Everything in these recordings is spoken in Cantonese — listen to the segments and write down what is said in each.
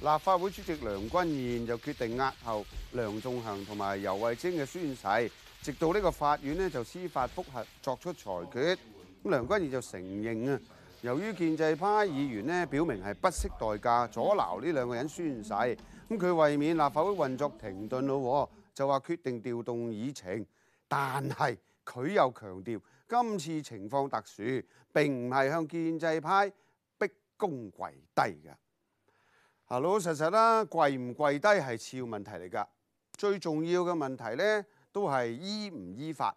立法會主席梁君彥就決定押後梁仲恆同埋尤慧晶嘅宣誓，直到呢個法院呢就司法覆核作出裁決。咁梁君彥就承認啊，由於建制派議員呢表明係不惜代價阻撓呢兩個人宣誓，咁佢為免立法會運作停頓咯，就話決定調動議程。但係佢又強調，今次情況特殊，並唔係向建制派逼宮跪低嘅。嚇，老老實實啦，跪唔跪低係次要問題嚟㗎，最重要嘅問題呢，都係依唔依法。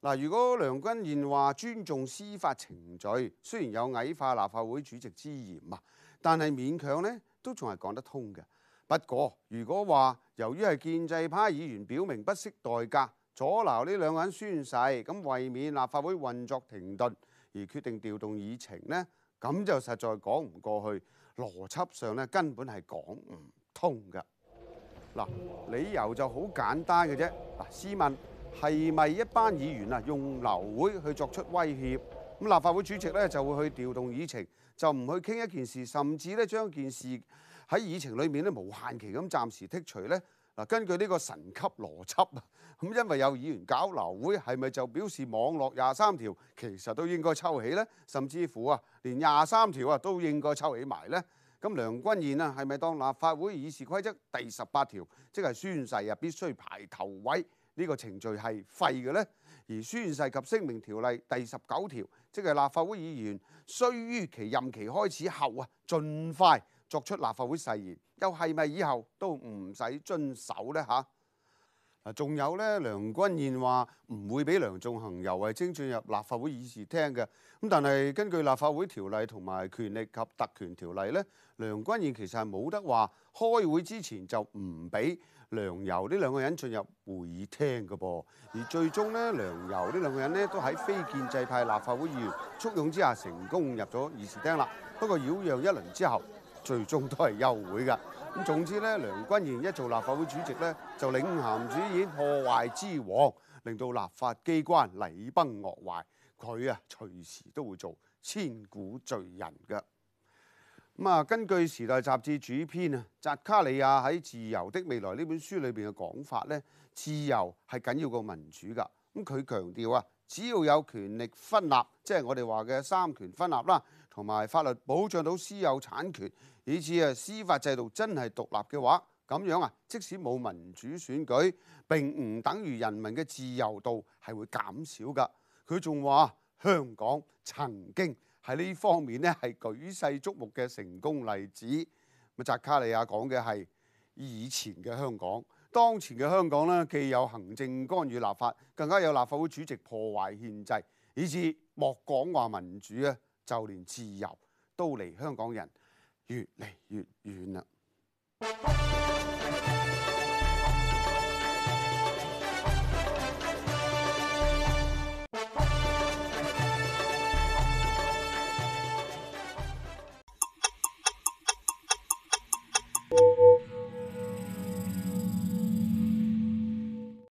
嗱，如果梁君彥話尊重司法程序，雖然有矮化立法會主席之嫌啊，但係勉強呢都仲係講得通嘅。不過如果話由於係建制派議員表明不惜代價阻撓呢兩個人宣誓，咁為免立法會運作停頓而決定調動議程呢。咁就實在講唔過去，邏輯上咧根本係講唔通㗎。嗱，理由就好簡單嘅啫。嗱，試問係咪一班議員啊用流會去作出威脅？咁立法會主席咧就會去調動議程，就唔去傾一件事，甚至咧將一件事喺議程裏面咧無限期咁暫時剔除咧。根據呢個神級邏輯啊，咁因為有議員交流會，係咪就表示網絡廿三條其實都應該抽起呢？甚至乎啊，連廿三條啊都應該抽起埋呢？咁梁君彥啊，係咪當立法會議事規則第十八條，即係宣誓啊必須排頭位呢個程序係廢嘅呢？而宣誓及聲明條例第十九條，即係立法會議員須於其任期開始後啊，盡快，作出立法會誓言，又係咪以後都唔使遵守呢？嚇，仲有呢，梁君彥話唔會俾梁頌恆、游蕙禎進入立法會議事廳嘅。咁但係根據立法會條例同埋權力及特權條例呢，梁君彥其實係冇得話開會之前就唔俾梁游呢兩個人進入會議廳嘅噃。而最終呢，梁游呢兩個人呢都喺非建制派立法會議員簇擁之下成功入咗議事廳啦。不過擾攘一輪之後。最終都係休會㗎。咁，總之咧，梁君彥一做立法會主席咧，就領銜主演破壞之王，令到立法機關禮崩樂壞。佢啊，隨時都會做千古罪人㗎。咁啊，根據《時代雜誌》主編啊，扎卡里亞喺《自由的未來》呢本書裏邊嘅講法咧，自由係緊要過民主㗎。咁佢強調啊。只要有權力分立，即係我哋話嘅三權分立啦，同埋法律保障到私有產權，以至啊司法制度真係獨立嘅話，噉樣啊，即使冇民主選舉，並唔等於人民嘅自由度係會減少㗎。佢仲話香港曾經喺呢方面呢係舉世矚目嘅成功例子。咁扎卡利亞講嘅係以前嘅香港。當前嘅香港咧，既有行政干預立法，更加有立法會主席破壞憲制，以致莫講話民主啊，就連自由都離香港人越嚟越遠。